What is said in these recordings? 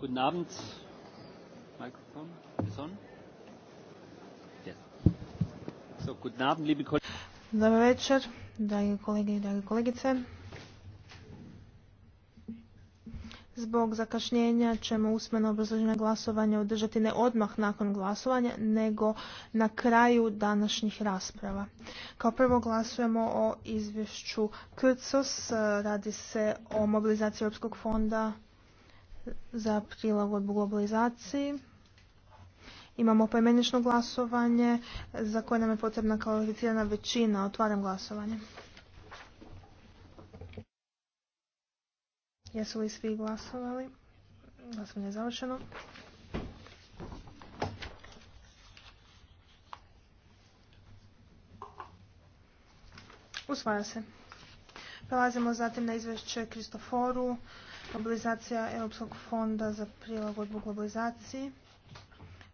Guten Dobar večer, dragi kolege i dragi kolegice. Zbog zakašnjenja ćemo usmeno obrazloženo glasovanja održati ne odmah nakon glasovanja, nego na kraju današnjih rasprava. Kao prvo glasujemo o izvješću KRCOS, radi se o mobilizaciji Europskog fonda za prilagodbu globalizaciji. Imamo poimenično glasovanje za koje nam je potrebna kvalificirana većina. Otvaram glasovanje. Jesu li svi glasovali? Glasovanje je završeno. Usvaja se. Prelazimo zatim na izvješće Kristoforu. Globalizacija Europskog fonda za prilagodbu globalizaciji.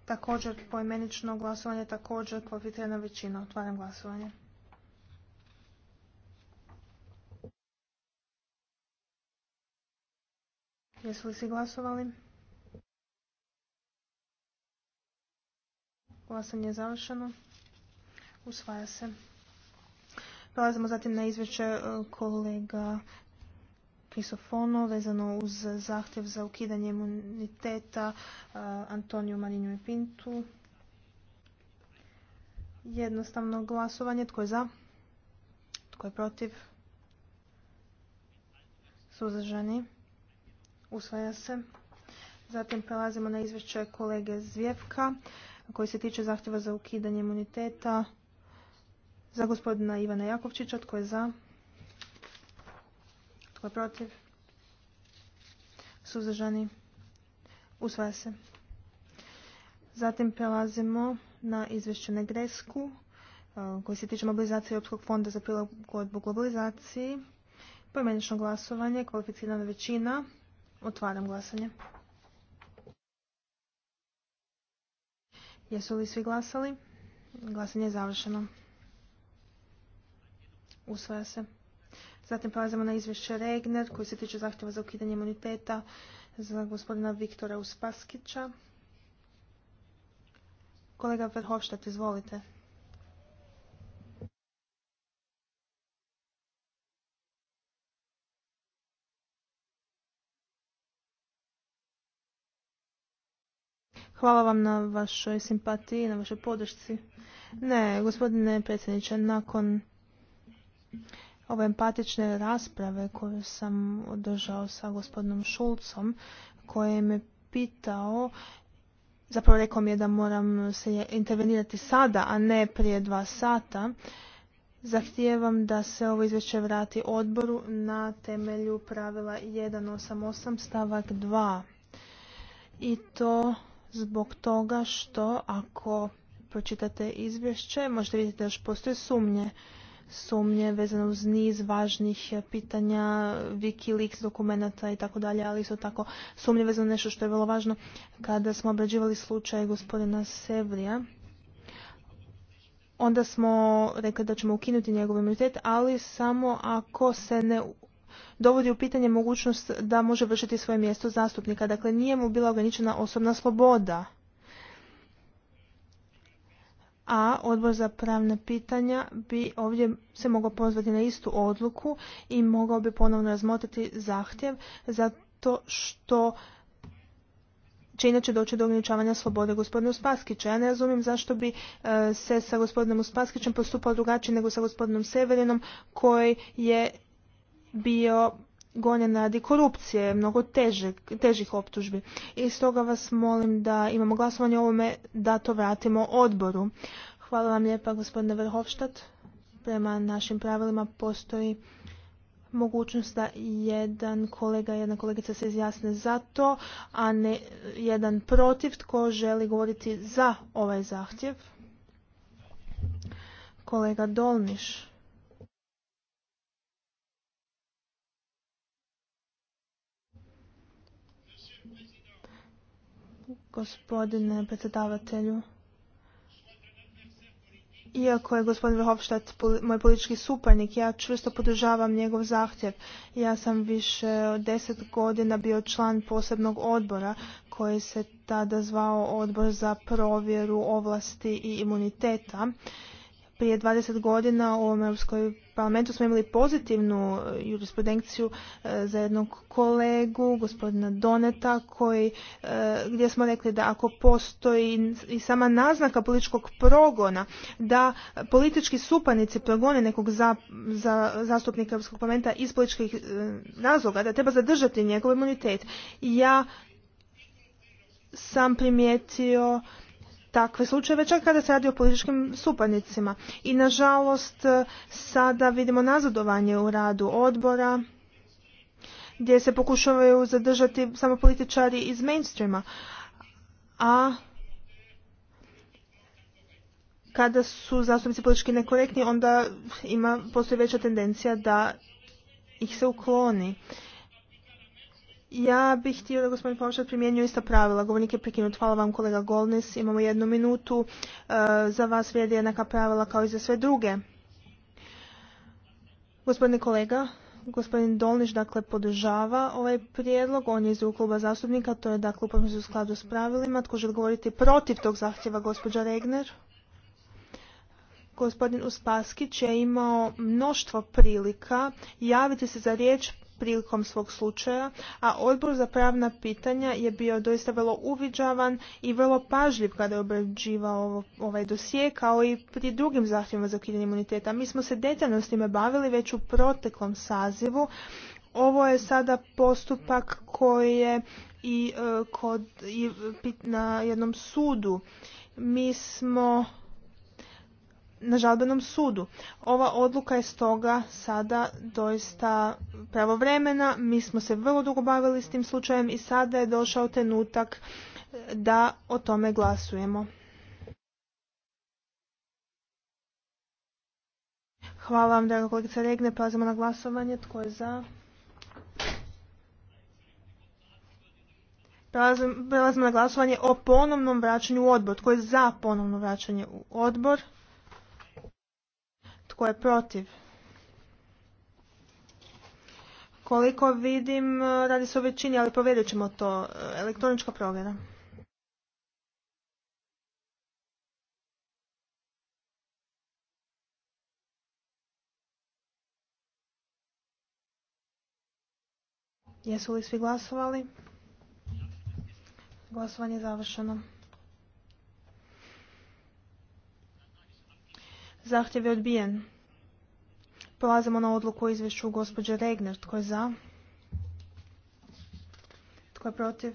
Također poimenično glasovanje, također kvalificirana većina. Otvaram glasovanje. Jesu li si glasovali? Glasanje je završeno. Usvaja se. Prelazimo zatim na izvješće e, kolega Krisofono vezano uz zahtjev za ukidanje imuniteta Antoniju Marinju i Pintu. Jednostavno glasovanje. Tko je za? Tko je protiv? Suzdržani? Usvaja se. Zatim prelazimo na izvješće kolege Zvijevka koji se tiče zahtjeva za ukidanje imuniteta za gospodina Ivana Jakovčića. Tko je za? Tko je protiv? Suzdržani? Usvaja se. Zatim prelazimo na izvješće Negresku e, koji se tiče mobilizacije Europskog fonda za prilagodbu globalizaciji. Pojmenično glasovanje, kvalificirana većina. Otvaram glasanje. Jesu li svi glasali? Glasanje je završeno. Usvaja se. Zatim prelazimo na izvješće Regner koji se tiče zahtjeva za ukidanje imuniteta za gospodina Viktora Uspaskića. Kolega Verhofstadt, izvolite. Hvala vam na vašoj simpatiji, na vašoj podršci. Ne, gospodine predsjedniče, nakon ove empatične rasprave koju sam održao sa gospodinom Šulcom koji me pitao zapravo rekao mi je da moram se intervenirati sada, a ne prije dva sata. Zahtijevam da se ovo izvješće vrati odboru na temelju pravila 188 stavak 2. I to zbog toga što ako pročitate izvješće možete vidjeti da još postoje sumnje sumnje vezano uz niz važnih pitanja, Wikileaks dokumenta i tako dalje, ali isto tako sumnje vezano nešto što je vrlo važno kada smo obrađivali slučaj gospodina Sevlija. Onda smo rekli da ćemo ukinuti njegov imunitet, ali samo ako se ne dovodi u pitanje mogućnost da može vršiti svoje mjesto zastupnika. Dakle, nije mu bila ograničena osobna sloboda a odbor za pravne pitanja bi ovdje se mogao pozvati na istu odluku i mogao bi ponovno razmotriti zahtjev zato što će inače doći do ograničavanja slobode gospodinu Uspaskića. Ja ne razumijem zašto bi e, se sa gospodinom Uspaskićem postupao drugačije nego sa gospodinom Severinom koji je bio gonjena radi korupcije, mnogo težih, težih optužbi. I stoga vas molim da imamo glasovanje o ovome da to vratimo odboru. Hvala vam lijepa gospodine Vrhovštat. Prema našim pravilima postoji mogućnost da jedan kolega, jedna kolegica se izjasne za to, a ne jedan protiv tko želi govoriti za ovaj zahtjev. Kolega Dolniš. gospodine predsjedavatelju. Iako je gospodin Verhofstadt moj politički suparnik, ja čvrsto podržavam njegov zahtjev. Ja sam više od deset godina bio član posebnog odbora koji se tada zvao Odbor za provjeru ovlasti i imuniteta prije 20 godina u ovom Europskoj parlamentu smo imali pozitivnu eh, jurisprudenciju eh, za jednog kolegu, gospodina Doneta, koji, eh, gdje smo rekli da ako postoji i sama naznaka političkog progona, da politički supanici progone nekog za, zastupnika Europskog parlamenta iz političkih razloga, da treba zadržati njegov imunitet. Ja sam primijetio takve slučajeve čak kada se radi o političkim suparnicima. I nažalost sada vidimo nazadovanje u radu odbora gdje se pokušavaju zadržati samo političari iz mainstreama. A kada su zastupnici politički nekorektni, onda ima, postoji veća tendencija da ih se ukloni. Ja bih htio da gospodin Pavšat primjenjuje ista pravila. Govornik je prekinut. Hvala vam kolega Golnis. Imamo jednu minutu. E, za vas vrijedi jednaka pravila kao i za sve druge. Gospodine kolega, gospodin Dolniš dakle podržava ovaj prijedlog. On je iz kluba zastupnika. To je dakle u skladu s pravilima. Tko želi govoriti protiv tog zahtjeva gospođa Regner? Gospodin Uspaskić je imao mnoštvo prilika javiti se za riječ prilikom svog slučaja, a odbor za pravna pitanja je bio doista vrlo uviđavan i vrlo pažljiv kada je obrađivao ovaj dosije, kao i pri drugim zahtjevima za ukidanje imuniteta. Mi smo se detaljno s time bavili već u proteklom sazivu. Ovo je sada postupak koji je i, e, kod, e, na jednom sudu. Mi smo na žalbenom sudu. Ova odluka je stoga sada doista pravovremena. Mi smo se vrlo dugo bavili s tim slučajem i sada je došao trenutak da o tome glasujemo. Hvala vam, draga kolegica Regne. Pazimo na glasovanje. Tko je za? Prelazimo na glasovanje o ponovnom vraćanju u odbor. Tko je za ponovno vraćanje u odbor? Tko je protiv? Koliko vidim, e, radi se o većini, ali povedat ćemo to. E, elektronička provjera. Jesu li svi glasovali? Glasovanje je završeno. Zahtjev je odbijen. Polazimo na odluku o izvješću gospođe Regner. Tko je za? Tko je protiv?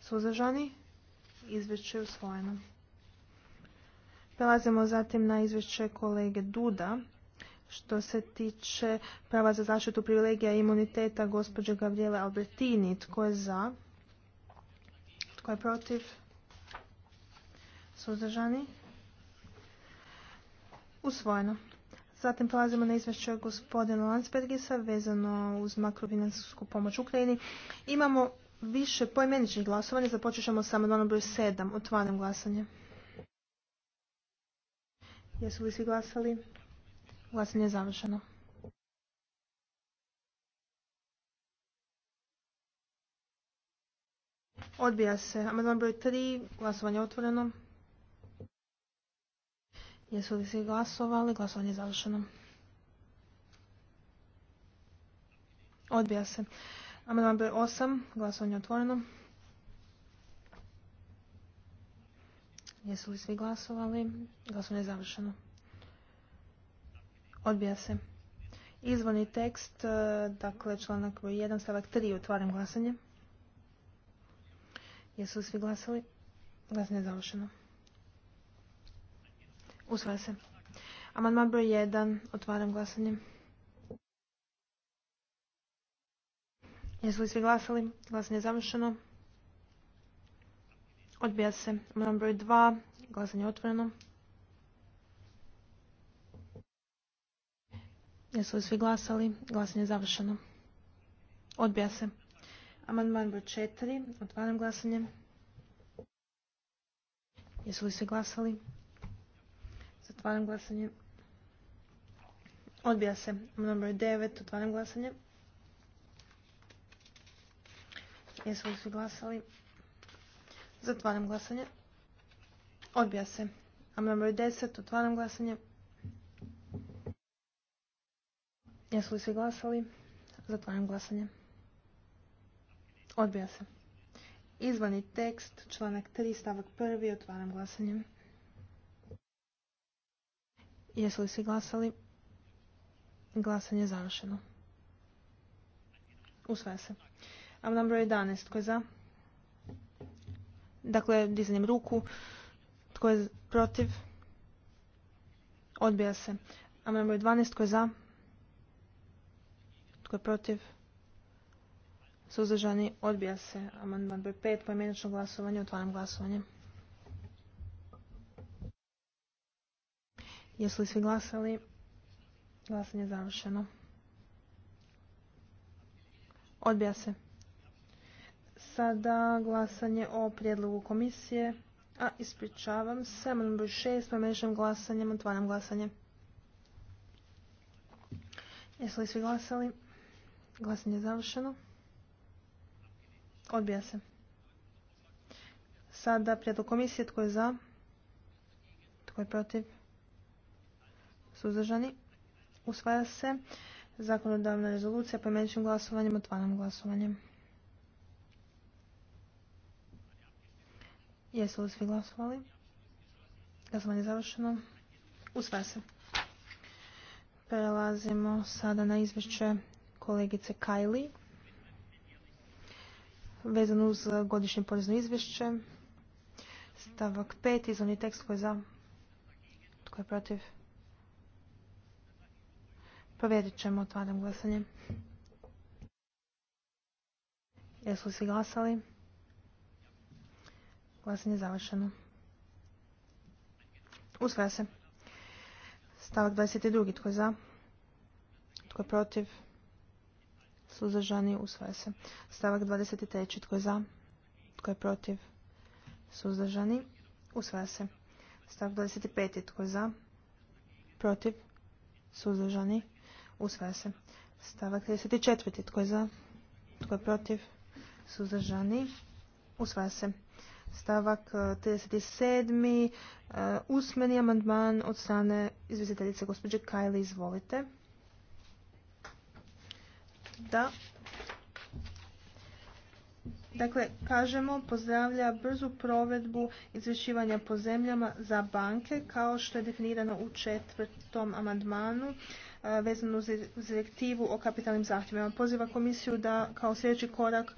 Suzdržani? Izvješće je usvojeno. Prelazimo zatim na izvješće kolege Duda što se tiče prava za zaštitu privilegija i imuniteta gospođe Gabriele Albertini. Tko je za? Tko je protiv? Suzdržani? Usvojeno. Zatim prelazimo na izvješće gospodina Landsbergisa vezano uz makrofinansku pomoć Ukrajini. Imamo više pojmeničnih glasovanja. Započet ćemo sa amandmanom broj 7. Otvaram glasanje. Jesu li svi glasali? Glasanje je završeno. Odbija se. Amandman broj 3. Glasovanje je otvoreno. Jesu li svi glasovali? Glasovanje je završeno. Odbija se. Amandman broj 8. Glasovanje je otvoreno. Jesu li svi glasovali? Glasovanje je završeno. Odbija se. Izvorni tekst, e, dakle članak broj 1, stavak 3, otvaram glasanje. Jesu li svi glasali? Glasanje je završeno. Usvaja se. Amandman broj 1. Otvaram glasanje. Jesu li svi glasali? Glasanje je završeno. Odbija se. Amandman broj 2. Glasanje je otvoreno. Jesu li svi glasali? Glasanje je završeno. Odbija se. Amandman broj 4. Otvaram glasanje. Jesu li svi glasali? Zatvaram glasanje. Odbija se. Amandman broj 9. Otvaram glasanje. Jesu li svi glasali? Zatvaram glasanje. Odbija se. Amandman broj 10. Otvaram glasanje. Jesu li svi glasali? Zatvaram glasanje. Odbija se. Izvani tekst, članak 3, stavak 1. Otvaram glasanje. Jesu li svi glasali? Glasanje je završeno. Usvaja se. Amandman broj 11. Tko je za? Dakle, dizanjem ruku. Tko je protiv? Odbija se. Amandman broj 12. Tko je za? Tko je protiv? Suzdržani odbija se. Amandman broj 5. Pojmenično glasovanje. Otvaram glasovanje. Jesu li svi glasali? Glasanje je završeno. Odbija se. Sada glasanje o prijedlogu komisije. A, ispričavam se. Amandman broj šest glasanjem, otvaram glasanje. Jesu li svi glasali? Glasanje je završeno. Odbija se. Sada prijedlog komisije. Tko je za? Tko je protiv? suzdržani, usvaja se. Zakonodavna rezolucija pojedinačnim glasovanjem, otvaram glasovanjem. Jesu li svi glasovali? Glasovanje je završeno. Usvaja se. Prelazimo sada na izvješće kolegice Kajli vezano uz godišnje porezno izvješće. Stavak 5. izvani tekst koji je za. Tko je protiv? Provjerit ćemo, otvaram glasanje. Jesu svi glasali? Glasanje je završeno. Usvaja se. Stavak 22. Tko je za? Tko je protiv? Suzdržani usvaja se. Stavak 23. Tko je za? Tko je protiv? Suzdržani usvaja se. Stavak 25. Tko je za? Protiv? Suzdržani Usvaja se. Stavak 34. Tko je za? Tko je protiv? Suzdržani. Usvaja se. Stavak 37. E, e, usmeni amandman od strane izvjestiteljice gospođe Kajli. Izvolite. Da. Dakle, kažemo, pozdravlja brzu provedbu izvješćivanja po zemljama za banke, kao što je definirano u četvrtom amandmanu e, vezano uz direktivu o kapitalnim zahtjevima. Poziva komisiju da kao sljedeći korak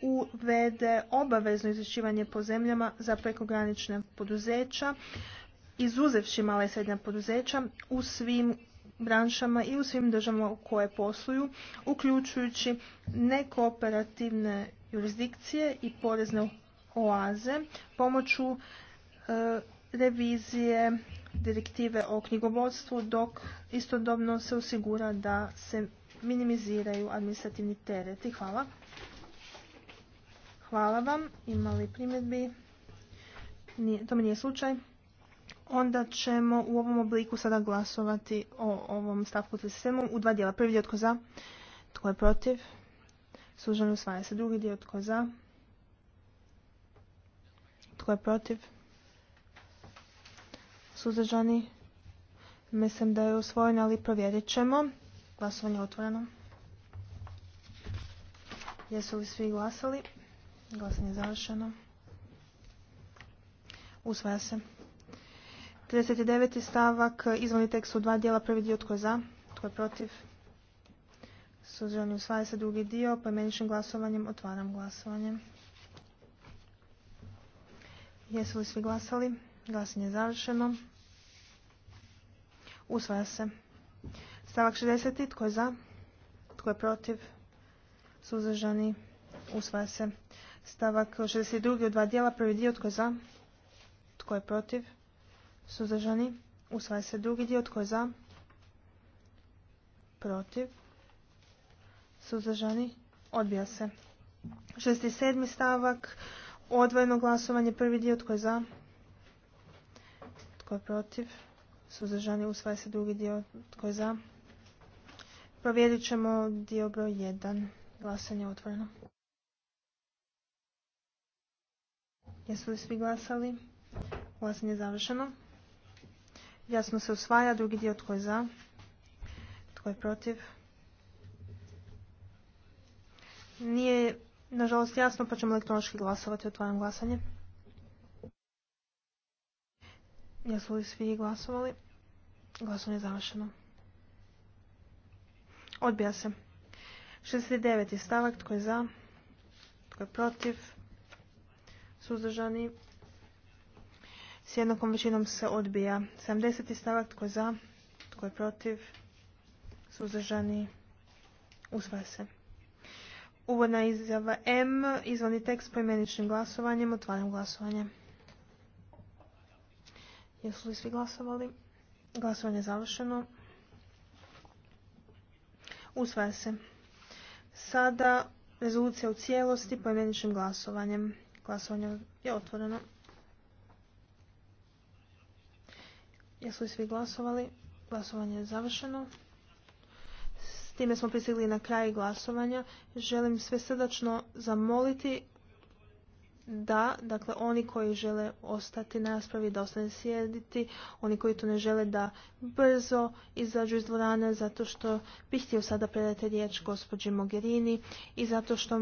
uvede obavezno izvješćivanje po zemljama za prekogranične poduzeća, izuzevši male i srednja poduzeća u svim branšama i u svim državama u koje posluju, uključujući nekooperativne jurisdikcije i porezne oaze pomoću e, revizije direktive o knjigovodstvu dok istodobno se osigura da se minimiziraju administrativni tereti. Hvala. Hvala vam. Imali primjedbi? Nije, to mi nije slučaj onda ćemo u ovom obliku sada glasovati o ovom stavku 37. u dva dijela. Prvi dio tko za, tko je protiv, suženo usvaja se. Drugi dio tko za, tko je protiv, suzdržani. Mislim da je usvojeno, ali provjerit ćemo. Glasovanje je otvoreno. Jesu li svi glasali? Glasanje je završeno. Usvaja se. 39. stavak, izvani tekst u dva dijela, prvi dio tko je za, tko je protiv, suzdržani usvaja se drugi dio, poimeničnim glasovanjem otvaram glasovanje. Jesu li svi glasali? Glasanje je završeno. Usvaja se. Stavak 60. Tko je za? Tko je protiv? Suzdržani. Usvaja se. Stavak 62. u dva dijela. Prvi dio. Tko je za? Tko je protiv? suzdržani, usvaja se drugi dio, tko je za, protiv, suzdržani, odbija se. sedmi stavak, odvojeno glasovanje, prvi dio, tko je za, tko je protiv, suzdržani, usvaja se drugi dio, tko je za. Provjerit ćemo dio broj jedan. glasanje otvoreno. Jesu li svi glasali? Glasanje je završeno. Jasno se usvaja. Drugi dio tko je za? Tko je protiv? Nije, nažalost, jasno, pa ćemo elektronički glasovati. Otvaram glasanje. Jesu li svi glasovali? Glasovanje je završeno. Odbija se. 69. stavak. Tko je za? Tko je protiv? Suzdržani? s jednakom većinom se odbija. 70. stavak tko je za, tko je protiv, suzdržani, usvaja se. Uvodna izjava M, izvani tekst imeničnim glasovanjem, otvaram glasovanje. Jesu li svi glasovali? Glasovanje je završeno. Usvaja se. Sada rezolucija u cijelosti imeničnim glasovanjem. Glasovanje je otvoreno. Jesu li svi glasovali? Glasovanje je završeno. S time smo pristigli na kraj glasovanja. Želim sve srdačno zamoliti da, dakle, oni koji žele ostati na raspravi, da ostane sjediti, oni koji to ne žele da brzo izađu iz dvorane, zato što bih htio sada predati riječ gospođi Mogherini i zato što